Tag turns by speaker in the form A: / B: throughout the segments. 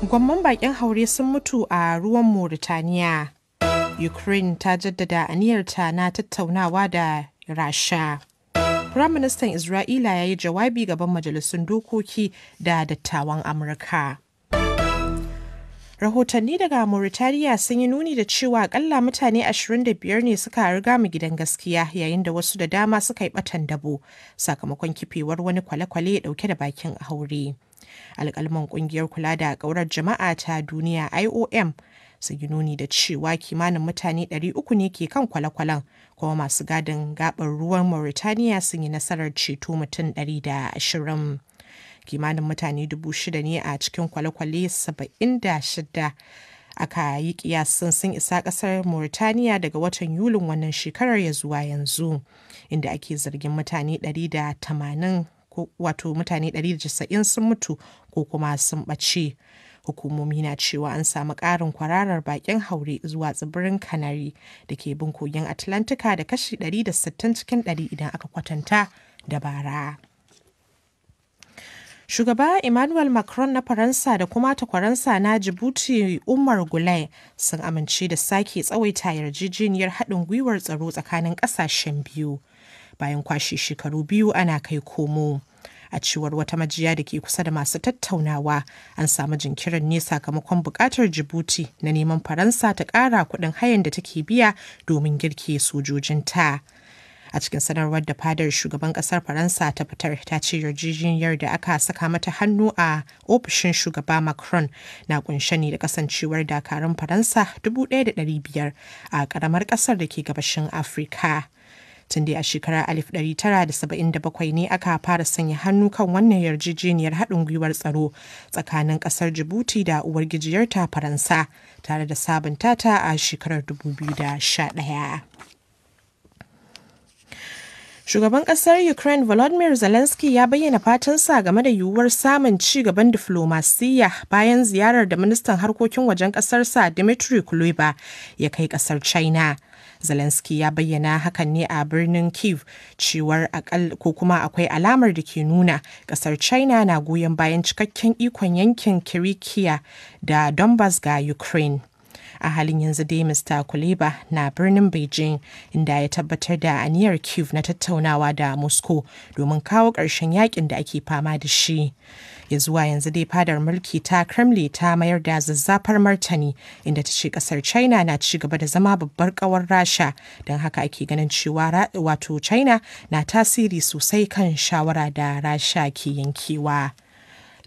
A: Gwamman bakin haure sun mutu a ruwan Mauritaniya. Ukraine ta jaddada aniyarta na tattaunawa da Rasha. Firaministan Isra'ila ya yi jawabi gaban majalisun dokoki da dattawan Amurka. Rahotanni daga Mauritania sun yi nuni da cewa akalla mutane 25 ne suka riga mu gidan gaskiya yayin da wasu da dama suka yi batan dabo sakamakon kifewar wani kwale-kwale dauke da bakin aure. alkalman kungiyar kula da kaurar jama'a ta duniya iom yi nuni da cewa kimanin mutane 300 ne ke kan kwale-kwalen kuma masu gadin gabar ruwan mauritaniya sun yi nasarar ceto mutum 120 kimanin mutane 6,000 ne a cikin kwale-kwale 76 aka yi kiyasin sun isa kasar mauritaniya daga watan Yulin wannan shekarar ya zuwa yanzu inda ake zargin mutane 180 wato mutane 190 sun mutu ko kuma sun ɓace. hukumomi na cewa an samu ƙarin kwararar bakin haure zuwa tsibirin kanari da ke bin kogin atlantika da kashi 160 cikin 100 idan aka kwatanta da bara shugaba emmanuel macron na faransa da kuma takwaransa na jibuti umar gulai sun amince da sake tsawaita yarjejeniyar haɗin gwiwar tsaro tsakanin ƙasashen biyu bayan kwashe shekaru biyu ana kai komo a cewar wata majiya da ke kusa da masu tattaunawa an samu jinkirin ne sakamakon bukatar jibuti na neman faransa ta kara kudin hayan da take biya domin girke sojojinta. a cikin sanarwar da fadar shugaban kasar faransa ta fitar ta ce yarjejeniyar da aka saka mata hannu a ofishin shugaba macron na kunshe ne da kasancewar dakarun faransa 1,500 a karamar kasar da ke gabashin afirka tun dai a shekarar 1977 ne aka fara sanya hannu kan wannan yarjejeniyar haɗin gwiwar tsaro tsakanin ƙasar jibuti da uwar ta Faransa tare da sabunta ta a shekarar 2011. Shugaban kasar Ukraine Volodymyr Zelensky ya bayyana fatan sa game da yiwuwar samun ci gaban diflomasiyya bayan ziyarar da ministan harkokin wajen kasarsa Dmitry Kuleba ya kai kasar China. Zelensky ya bayyana hakan ne a birnin Kiev cewar ko kuma akwai alamar da ke nuna kasar China na goyon bayan cikakken ikon yankin Kirikiya da Donbass ga Ukraine. a halin yanzu dai Mr. Kuleba na birnin Beijing inda ya tabbatar da aniyar Kiev na tattaunawa da Moscow domin kawo ƙarshen yakin da ake fama da shi. ya zuwa yanzu dai fadar mulki ta kremlin ta mayar da zazzafar martani inda ta ce kasar china na ci gaba da zama babbar kawar rasha don haka ake ganin cewa wato china na tasiri sosai kan shawara da rasha ke yankewa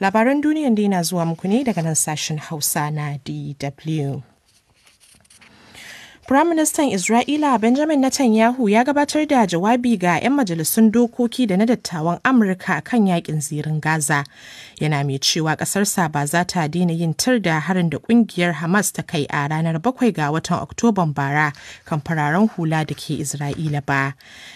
A: labaran duniyan dai na zuwa muku ne daga nan sashen hausa na dw Firaministan Isra'ila Benjamin Netanyahu ya gabatar da jawabi ga 'yan majalisun dokoki da na dattawan Amurka kan yakin zirin Gaza. Yana mai cewa ƙasarsa ba za ta daina yin tir da harin da ƙungiyar Hamas ta kai a ranar bakwai ga watan Oktoban bara kan fararen hula da ke Isra'ila ba.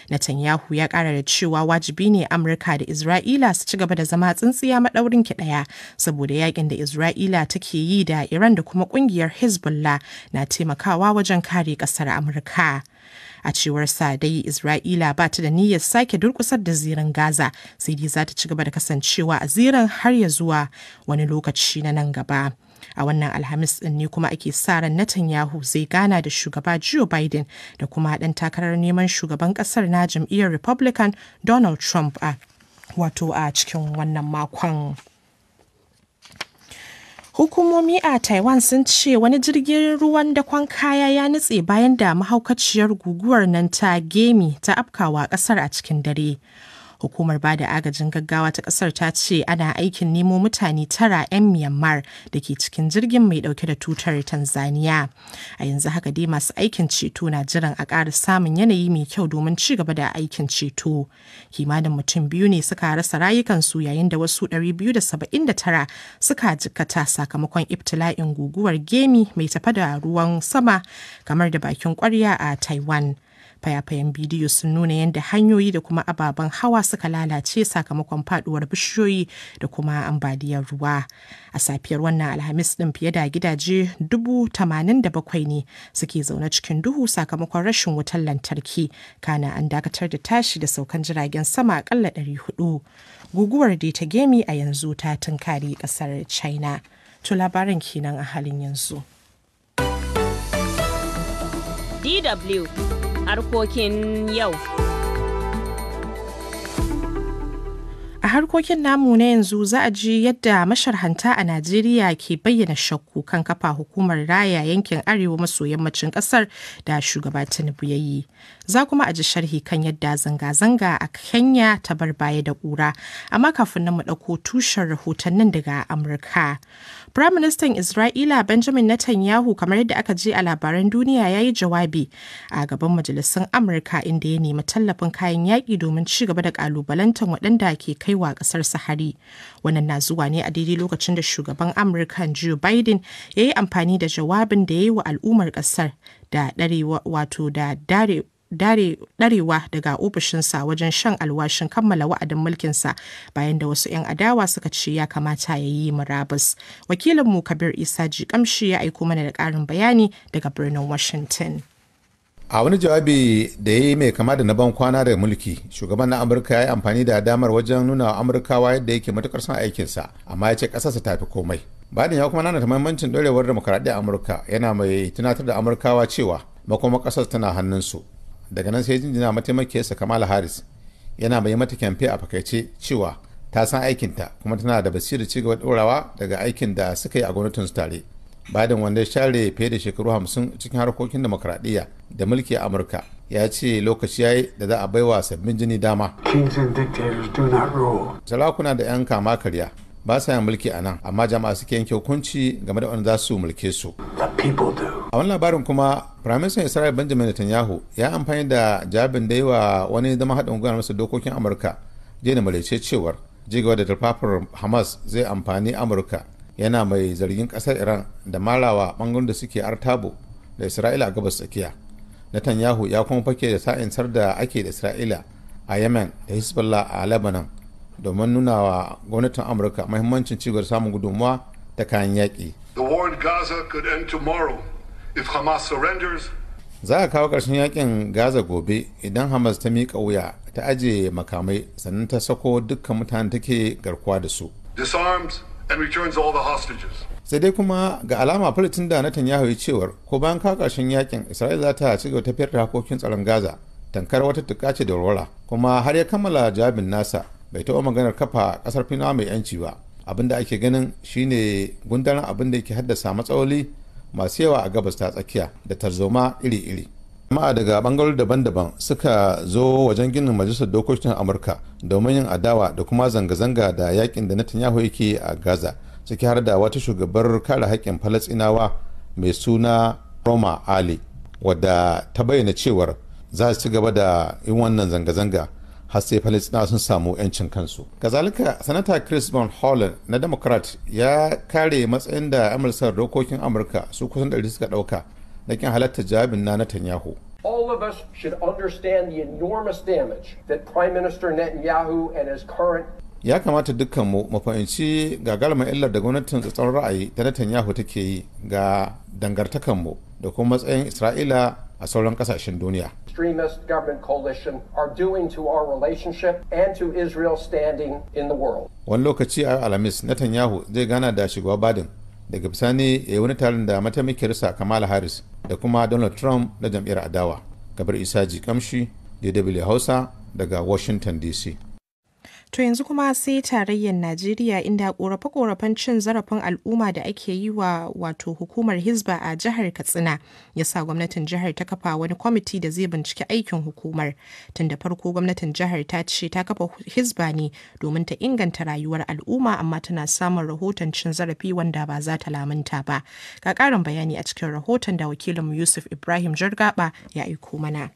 A: Netanyahu ya ƙara da cewa wajibi ne Amurka da Isra'ila su ci gaba da zama tsintsiya maɗaurin ki ɗaya saboda yakin da Isra'ila take yi da Iran da kuma ƙungiyar Hezbollah na taimakawa wajen kare kare kasar Amurka. A cewar sa dai Isra'ila ba ta da niyyar sake durkusar da zirin Gaza sai dai za ta ci gaba da kasancewa a zirin har ya zuwa wani lokaci na nan gaba. a wannan alhamis din ne kuma ake sa ran Netanyahu zai gana da shugaba Joe Biden da kuma dan takarar neman shugaban kasar na jam'iyyar Republican Donald Trump a wato a cikin wannan makon. Hukumomi a Taiwan sun ce wani jirgin ruwan dakon kaya ya nutse bayan da mahaukaciyar guguwar nan ta gemi ta afkawa ƙasar a cikin dare. Hukumar bada agajin gaggawa ta kasar ta ce ana aikin nemo mutane tara 'yan Myanmar da ke cikin jirgin mai ɗauke da tutar Tanzania. A yanzu haka dai masu aikin ceto na jiran a ƙara samun yanayi mai kyau domin ci gaba da aikin ceto. Kimanin mutum biyu ne suka rasa rayukansu yayin da wasu 279 suka jikkata sakamakon ibtila'in guguwar gemi mai tafa da ruwan sama kamar da bakin kwarya a Taiwan. Fayafayen bidiyo sun nuna yadda hanyoyi da kuma ababen hawa suka lalace sakamakon faduwar bishiyoyi da kuma ambaliyar ruwa. A safiyar wannan Alhamis ɗin fiye da gidaje dubu tamanin da bakwai ne suke zaune cikin duhu sakamakon rashin wutar lantarki. Kana an dakatar da tashi da saukan jiragen sama akalla ɗari hudu. Guguwar ta gemi a yanzu ta tunkari ƙasar China. To labarin kenan a halin yanzu.
B: DW harkokin yau.
A: A harkokin namu na yanzu za a ji yadda masharhanta a Najeriya ke bayyana shakku kan kafa hukumar raya yankin arewa maso yammacin kasar da shugaba Tinubu ya yi. Za kuma a ji sharhi kan yadda zanga-zanga a Kenya ta bar baya da ƙura, amma kafin na mu ɗauko tushen rahotannin daga Amurka. Firaministan Isra'ila Benjamin Netanyahu kamar yadda aka je a labaran duniya ya yi jawabi a gaban majalisun Amurka inda ya nemi tallafin kayan yaƙi domin ci gaba da ƙalubalantar waɗanda ke kaiwa wa ƙasar Sahari. Wannan na zuwa ne a daidai lokacin da shugaban Amurka Joe Biden ya yi amfani da jawabin da ya yi wa al'ummar ƙasar da ɗarewa wato da dare darewa daga ofishinsa wajen shan alwashin kammala wa'adin mulkinsa bayan da wasu 'yan adawa suka ce ya kamata ya yi murabus. Wakilinmu Kabir Isa ji kamshi ya aiko mana da karin bayani daga birnin Washington.
C: a wani jawabi da ya yi mai kama da na ban kwana da mulki shugaban na amurka ya yi amfani da damar wajen nuna wa amurkawa yadda yake matukar son aikinsa amma ya ce kasarsa ta fi komai bayan ya kuma nana ta mahimmancin dorewar demokaradiyyar amurka yana mai tunatar da amurkawa cewa makoma ƙasar tana hannunsu daga nan sai jinjina mataimakiyarsa kamala harris yana mai mata kyamfe a fakaice cewa ta san aikinta kuma tana da basirar ci gaba ɗorawa daga aikin da suka yi a gwamnatin su tare biden wanda ya share fiye da shekaru hamsin cikin harkokin demokradiyya da mulki a amurka ya ce lokaci yayi da za a bai wa sabbin jini dama sarakuna da 'yan kama karya ba sa yin mulki a nan amma jama'a suke yanke hukunci game da wanda za su mulke su a wani labarin kuma firaministan israel benjamin netanyahu ya amfani da jabin da yi wa wani zama haɗin gwiwar masa dokokin amurka je da malaice cewar jigawa da tarfafar hamas zai amfani amurka yana mai zargin ƙasar iran da malawa ɓangaren da suke artabo da isra'ila a gabas tsakiya netanyahu ya kuma fake da sa'insar da ake da isra'ila a yemen da hezbollah a lebanon domin nuna wa gwamnatin amurka mahimmancin cigar samun gudunmuwa ta kayan yaƙi za a kawo ƙarshen yakin gaza gobe idan hamas ta miƙa wuya ta aje makamai sannan ta sako dukkan mutane take garkuwa da su sai dai kuma ga alama fulitin da Netanyahu ya cewar ko bayan kawo ƙarshen yakin Isra'ila za ta ci gaba tafiyar da hakokin tsaron Gaza tankar wata tuka ce da warwara kuma har ya kammala jawabin nasa bai taɓa maganar kafa ƙasar finawa mai yanci ba abinda ake ganin shine gundarin abin da ke haddasa matsaloli masu yawa a gabas ta tsakiya da tarzoma iri-iri jama'a daga bangarori daban-daban suka zo wajen ginin majalisar dokokin amurka domin yin adawa da kuma zanga-zanga da yakin da netanyahu yake a gaza ciki har da wata shugabar kare haƙƙin falastinawa mai suna roma ali wadda ta bayyana cewar za su ci gaba da yin wannan zanga-zanga har sai sun samu 'yancin kansu kazalika sanata chris von holland na democrat ya kare matsayin da amurka dokokin amurka su kusan ɗari suka ɗauka na kin halatta jawabin na netanyahu
A: All of us should understand the enormous damage that Prime Minister Netanyahu and his
B: current
C: ya kamata dukkanmu mu fahimci gagarumin illar da gwamnatin tsatsar ra'ayi ta Netanyahu take yi ga dangartakanmu da kuma matsayin Isra'ila a sauran kasashen duniya.
A: extremist government coalition are doing to our relationship and to Israel's standing in the world.
C: Wani lokaci a Alhamis, Netanyahu zai gana da shugaba Biden daga bisani ya wani taron da mataimakiyarsa Kamala Harris da kuma Donald Trump na jam'iyyar adawa. gabar Isa Kamshi, DW Hausa daga Washington DC.
A: To yanzu kuma sai tarayyar Najeriya inda korafe-korafen cin zarafin al'umma da ake yi wa wato hukumar Hizba a jihar Katsina ya sa gwamnatin jihar ta kafa wani kwamiti da zai binciki aikin hukumar. Tun da farko gwamnatin jihar ta ce ta kafa Hizba ne domin ta inganta rayuwar al'umma amma tana samun rahoton cin zarafi wanda ba za ta lamunta ba. Ga karin bayani a cikin rahoton da wakilin Yusuf Ibrahim Jargaba ya aiko mana.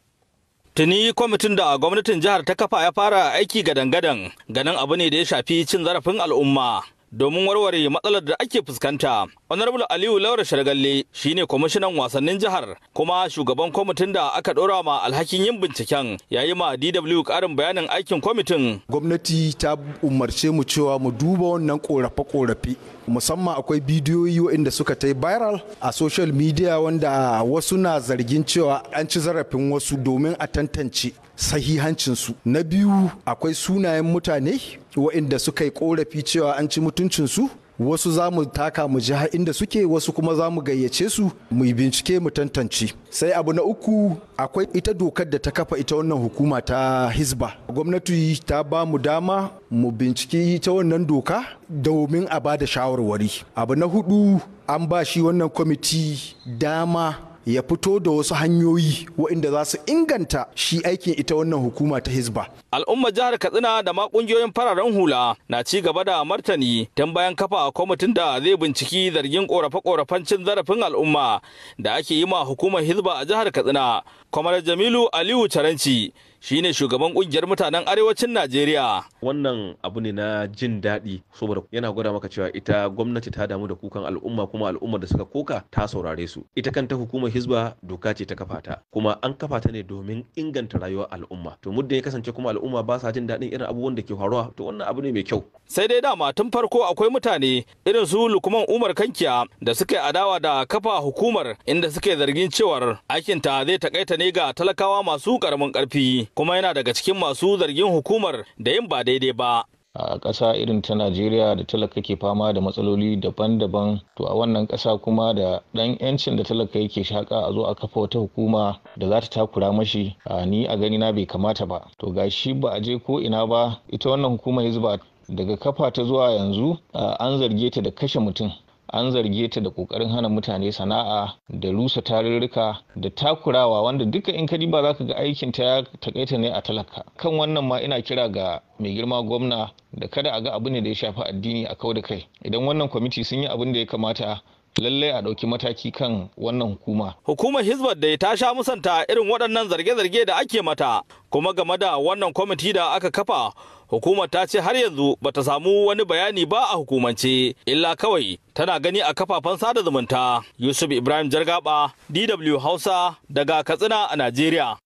D: Tuni kwamitin da gwamnatin jihar ta kafa ya fara aiki gadan-gadan ganin abu ne da ya shafi cin zarafin al'umma domin warware matsalar da ake fuskanta honorable aliyu laura shargalle shine kwamishinan wasannin jihar kuma shugaban kwamitin da aka ɗora ma alhakin yin binciken yayi ma dw karin bayanin aikin kwamitin
B: gwamnati ta umarce mu cewa mu duba wannan korafe-korafe musamman akwai bidiyoyi waɗanda suka ta viral a social media wanda wasu na zargin cewa an ci zarafin wasu domin a tantance sahihancinsu na biyu akwai sunayen mutane waɗanda suka yi korafi cewa an ci mutuncinsu wasu za mu taka mu ji inda suke wasu kuma za mu gayyace su mu yi bincike mu tantance sai abu na uku akwai ita dokar da ta kafa ita wannan hukuma ta hisba gwamnati ta ba mu dama mu bincike ta wannan doka domin a ba da shawarwari abu na hudu an ba shi wannan kwamiti dama ya fito da wasu hanyoyi waɗanda za su inganta shi aikin ita wannan hukuma ta Hisba.
D: Al'umma jihar Katsina da ma ƙungiyoyin fararen hula na ci gaba da martani don bayan kafa kwamitin da zai binciki zargin ƙorafe-ƙorafen cin zarafin al'umma da ake yi ma hukumar Hisba a jihar Katsina. Kwamar Jamilu Aliyu Caranci shine shugaban kungiyar mutanen arewacin Najeriya. Wannan abu ne na jin daɗi saboda yana gwada maka cewa ita gwamnati ta damu da kukan al'umma kuma al'ummar da suka koka ta saurare su. Ita kanta hukumar Hizba doka ce ta kafa ta kuma an kafa ta ne domin inganta rayuwar al'umma. To muddin ya kasance kuma al'umma ba sa jin daɗin irin abubuwan da ke faruwa to wannan abu ne mai kyau. Sai dai dama tun farko akwai mutane irin su lukuman Umar Kankiya da suke adawa da kafa hukumar inda suke zargin cewar aikinta zai takaita ne ga talakawa masu karamin karfi. kuma yana daga cikin masu zargin hukumar da yin ba daidai ba a ƙasa irin ta najeriya da talaka ke fama da matsaloli daban-daban to a wannan ƙasa kuma da ɗan yancin da talaka yake shaƙa a zo a kafa wata hukuma da za ta takura mashi a ni a gani na bai kamata ba to ga shi ba a je ko ina ba ita wannan hukumar hizba daga kafa ta zuwa yanzu an zarge ta da kashe mutum an zarge ta da kokarin hana mutane sana'a da rusa tarurruka da takurawa wanda duka in kadi ba za ka ga aikin ta ya takaita ne a talaka kan wannan ma ina kira ga mai girma gwamna da kada a ga abu ne da ya shafi addini a kau da kai idan wannan kwamiti sun yi abin da ya kamata lallai a ɗauki mataki kan wannan hukuma. Hukumar Hizbat dai ta sha musanta irin waɗannan zarge-zarge da ake mata, kuma game da wannan kwamiti da aka kafa, hukumar ta ce har yanzu ba ta samu wani bayani ba a hukumance, illa kawai tana gani a kafafen sada zumunta. Yusuf Ibrahim Jargaba, DW Hausa, daga Katsina a Najeriya.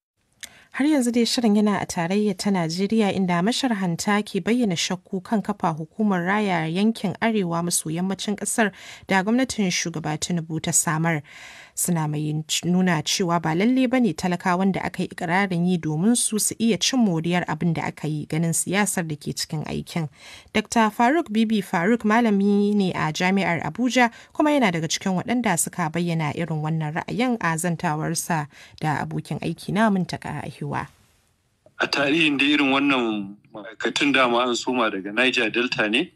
A: Har yanzu dai shirin yana a tarayya ta Najeriya inda mashar hanta ke bayyana shakku kan kafa hukumar raya yankin arewa maso yammacin kasar da gwamnatin shugaba Tinubu ta samar. suna mai nuna cewa ba lalle ba ne talakawan da aka yi ikirarin yi domin su su iya cin moriyar abin da aka yi ganin siyasar da ke cikin aikin. Dr. Faruk Bibi Faruk malami ne a Jami'ar Abuja kuma yana daga cikin waɗanda suka bayyana irin wannan ra'ayin a zantawarsa da abokin aiki na a hiwa.
E: A tarihin da irin wannan ma'aikatun dama an soma daga Niger Delta ne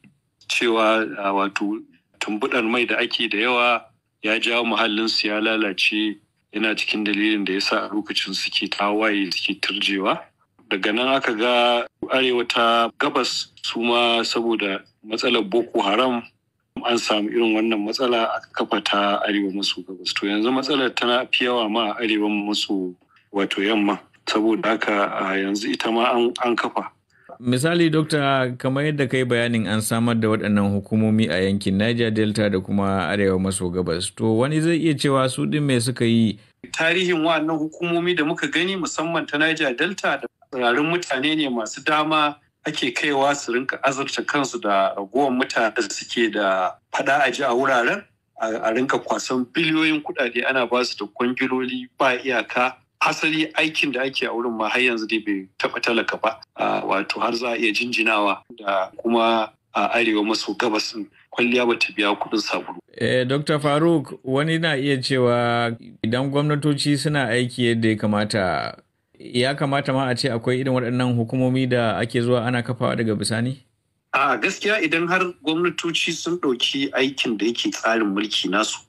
E: cewa wato tumbuɗar mai da ake da yawa ya jawo muhallinsu ya lalace yana cikin dalilin da ya sa a lokacin suke tawaye suke turjewa daga nan aka ga arewa ta gabas su ma saboda matsalar boko haram an samu irin wannan matsala aka kafa ta arewa maso gabas to yanzu matsalar tana fi yawa ma arewa maso wato yamma saboda haka yanzu ita ma an kafa
D: Misali, Dokta, kamar yadda kai bayanin an samar da waɗannan hukumomi a yankin Niger Delta da kuma Arewa maso gabas. To, wani zai iya cewa su ɗin me suka yi?
E: Tarihin wannan hukumomi da muka gani musamman ta Niger Delta da tsirarin mutane ne masu dama ake kaiwa su rinka azurta kansu da ragowar mutane da suke da faɗa a ji a wuraren. a rinka kwasan biliyoyin kuɗaɗe ana basu da kwangiloli ba iyaka asali aikin da ake a wurin ma har yanzu dai bai taɓa talaka ba wato har za a iya jinjinawa da kuma a arewa maso gabas kwalliya ba ta biya kuɗin sabulu.
D: Eh, Dr. Faruk wani na iya cewa idan gwamnatoci suna aiki yadda ya kamata ya kamata ma a ce akwai irin waɗannan hukumomi da ake zuwa ana kafawa daga bisani?
E: A gaskiya idan har gwamnatoci sun ɗauki aikin da yake tsarin mulki nasu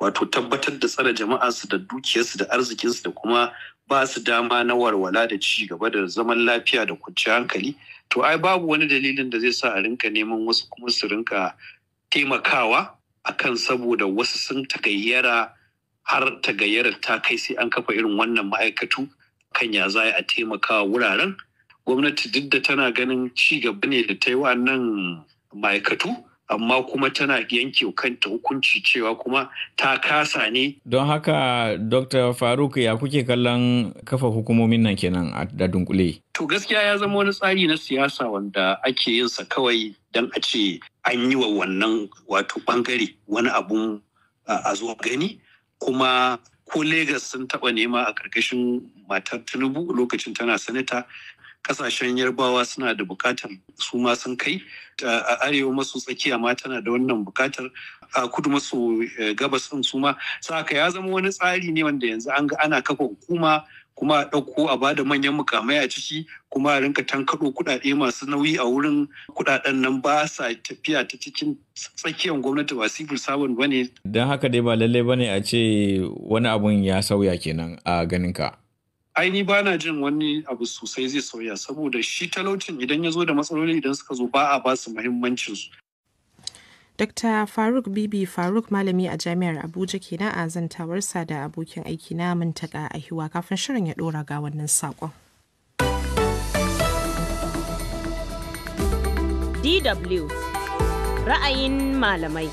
E: wato tabbatar da tsare jama'arsu da dukiyarsu da arzikinsu da kuma ba su dama na walwala da ci gaba da zaman lafiya da kwanciyar hankali to ai babu wani dalilin da zai sa a rinka neman wasu kuma su rinka taimakawa akan saboda wasu sun tagayyara har tagayyara ta kai sai an kafa irin wannan ma'aikatu kan ya za a taimakawa wuraren gwamnati duk da tana ganin ci gaba ne da ta yi nan ma'aikatu amma kuma tana yanke kanta hukunci cewa kuma ta kasa ne.
D: Don haka Dr. Faruk ya kuke kallon kafa hukumomin nan kenan a dunkule.
E: To gaskiya ya zama wani tsari na siyasa wanda ake yin sa kawai don a ce an yi wa wannan wato bangare wani abun a zuwa gani kuma ko Legas sun taɓa nema a ƙarƙashin matar Tinubu lokacin tana sanata kasashen yarbawa suna da bukatar su ma sun kai a arewa maso tsakiya ma tana da wannan bukatar a kudu maso eh, gabas din su ma saka ya zama wani tsari ne wanda yanzu an ga ana kafa hukuma kuma a ɗauko a bada manyan mukamai a ciki kuma a rinka tankaɗo kuɗaɗe masu nauyi a wurin kuɗaɗen nan ba sa tafiya ta cikin tsakiyar gwamnati ba civil servant ba ne.
D: Don haka dai ba lallai ba ne a ce wani abun ya sauya kenan a ganin ka.
E: aini ba na jin wani abu sosai zai sauya saboda shi talaucin idan ya zo da matsaloli idan suka zo ba a ba su muhimmancinsu.
A: dokta Faruk Bibi Faruk malami a Jami'ar Abuja ke na azantawarsa da abokin aiki na mintaka a hiwa kafin shirin ya dora ga wannan saƙon.
B: DW ra'ayin malamai.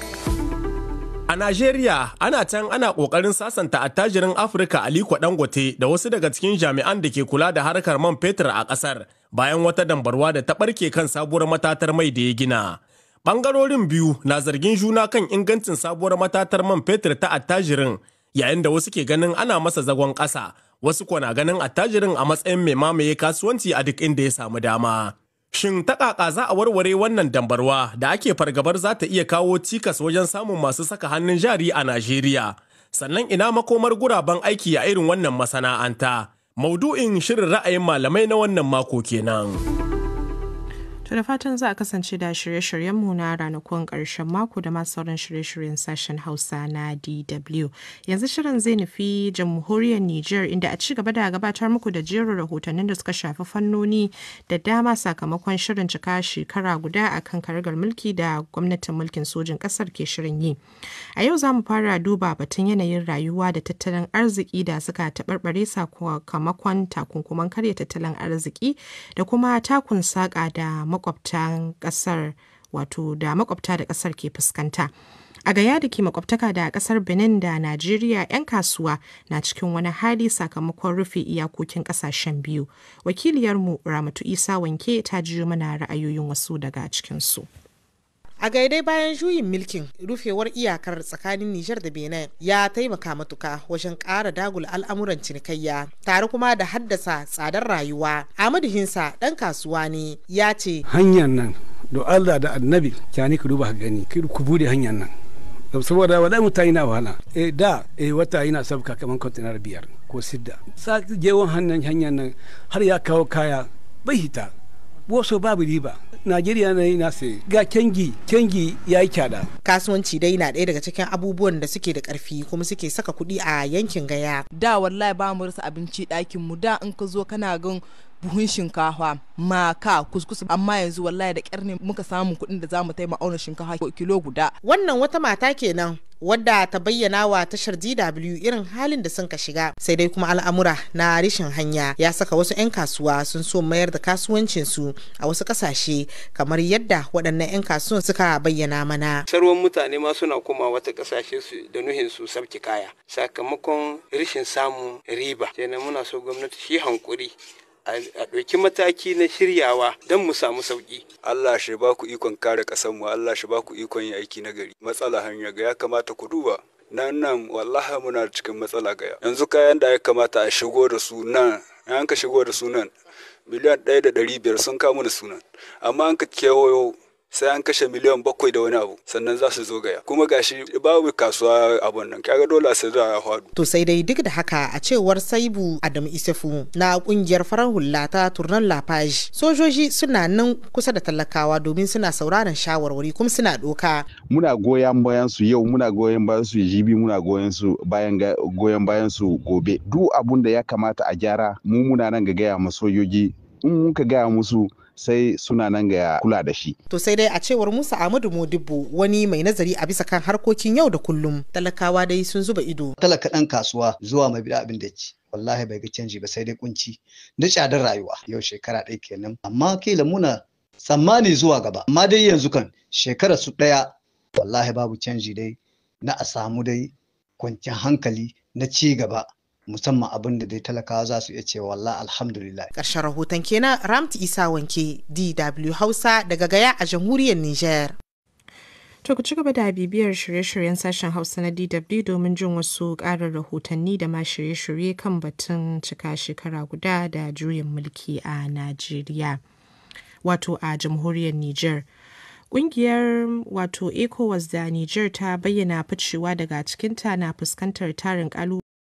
A: A
D: Najeriya ana can ana ƙoƙarin sasanta attajirin Afirka Aliko Dangote da wasu daga cikin jami'an da ke kula da harkar man fetur a ƙasar bayan wata dambarwa da ta ɓarke kan sabuwar matatar mai da ya gina. Ɓangarorin biyu na zargin juna kan ingancin sabuwar matatar man fetur ta attajirin yayin da wasu ke ganin ana masa zagon ƙasa wasu kuwa na ganin attajirin a matsayin mai mamaye kasuwanci a duk inda ya samu dama. Shin ta za a warware wannan dambarwa da ake fargabar za ta iya kawo cikas wajen samun masu saka hannun jari a Najeriya? Sannan ina makomar guraben aiki a irin wannan masana'anta? Maudu'in shirin ra'ayin malamai na wannan mako kenan.
A: To da fatan za a kasance da shirye-shiryenmu na ranakun karshen mako da masu sauran shirye-shiryen sashen Hausa na DW. Yanzu shirin zai nufi jamhuriyar Nijar inda a ci gaba da gabatar muku da jerin rahotannin da suka shafi fannoni da dama sakamakon shirin cika shekara guda a kan karagar mulki da gwamnatin mulkin sojin ƙasar ke shirin yi. A yau za mu fara duba batun yanayin rayuwa da tattalin arziki da suka taɓarɓare sakamakon takunkuman karya tattalin arziki da kuma takun saƙa da makwabtan kasar wato da makwabta da kasar ke fuskanta. A gaya da ke makwabtaka da kasar Benin da Najeriya 'yan kasuwa na cikin wani hali sakamakon rufe iyakokin kasashen biyu. Wakiliyarmu Ramatu Isa Wanke ta jiyo mana ra'ayoyin wasu daga cikinsu.
B: a gaidai bayan juyin milkin rufewar iyakar tsakanin nijar da benin ya taimaka matuka wajen kara dagula al'amuran cinikayya tare kuma da haddasa tsadar rayuwa amadu hinsa ɗan kasuwa ne ya ce
E: hanyar nan da allah da annabi kyani ku duba gani ku bude hanyar nan saboda wadai mutane
D: na wahala eh da eh wata yana sabka kamar kontenar biyar ko sidda sa jewon
B: hanyar nan har ya kawo kaya bai hita boso babu riba najeriya na yi nasi ga kengi kengi ya yi kyada kasuwanci dai na ɗaya daga cikin abubuwan da suke da karfi kuma suke saka kuɗi a yankin gaya da wallahi ba mu rasa abinci dakin mu da in ka zo kana gan buhun shinkafa maka kuskus amma yanzu wallahi da ƙyar ne muka samu kuɗin da za mu taimaka auna shinkafa kilo guda wannan wata mata kenan wadda ta bayyana wa tashar DW irin halin da sun ka shiga sai dai kuma al'amura na rishin hanya ya saka wasu 'yan kasuwa sun so mayar da kasuwancin su a wasu kasashe kamar yadda waɗannan 'yan kasuwan suka bayyana mana.
D: Sarwan mutane ma suna koma wata kasashe su da nuhin su sabki kaya sakamakon rishin samun riba. Kenan muna so gwamnati shi hankuri a ɗauki mataki na shiryawa don mu samu sauƙi.
E: Allah shi ba ku ikon kare ƙasanmu, Allah shi ba ku ikon yin aiki na gari. Matsala hanya ga ya kamata ku duba. Nan nan wallaha muna da cikin matsala gaya. Yanzu kayan da ya kamata a shigo da su nan, an ka shigo da su nan, miliyan ɗaya da ɗari biyar sun kamu da sunan. Amma an ka kewayo sai an kashe miliyan bakwai da wani abu sannan za su zo gaya kuma gashi babu kasuwa abun nan kaga dole sai za a hadu
B: to sai dai duk da haka a cewar saibu adam isafu na kungiyar farar hula ta turnan lafaji sojoji suna nan kusa da talakawa domin suna sauraron shawarwari kuma suna doka
C: muna goyon bayan su yau muna goyon bayan su jibi muna goyon su bayan goyon bayan su gobe duk abun da ya kamata a gyara mu muna nan ga gaya ma sojoji in muka gaya musu sai suna nan ga kula da shi.
B: To sai dai a cewar Musa Ahmadu Modibo wani mai nazari a bisa kan harkokin yau da kullum talakawa dai sun zuba ido. Talaka ɗan kasuwa zuwa mai bida abin da ci. Wallahi bai ga canji ba sai dai kunci da tsadar rayuwa yau shekara ɗaya kenan amma kila muna tsammani zuwa
D: gaba amma dai yanzu kan shekara su ɗaya wallahi babu canji dai na a samu
B: dai kwanciyar hankali na ci gaba musamman abin da dai talakawa za su iya ce walla alhamdulillah ƙarshen rahoton kenan ramt isa wanke dw hausa daga gaya a jamhuriyar nijar To ku ci gaba da bibiyar shirye-shiryen sashen Hausa na
A: DW domin jin wasu ƙarin rahotanni da ma shirye-shirye kan batun cika shekara guda da juyin mulki a Najeriya, wato a jamhuriyar Nijar. Ƙungiyar wato ECOWAS da Nijar ta bayyana ficewa daga cikinta na fuskantar tarin ƙalubale.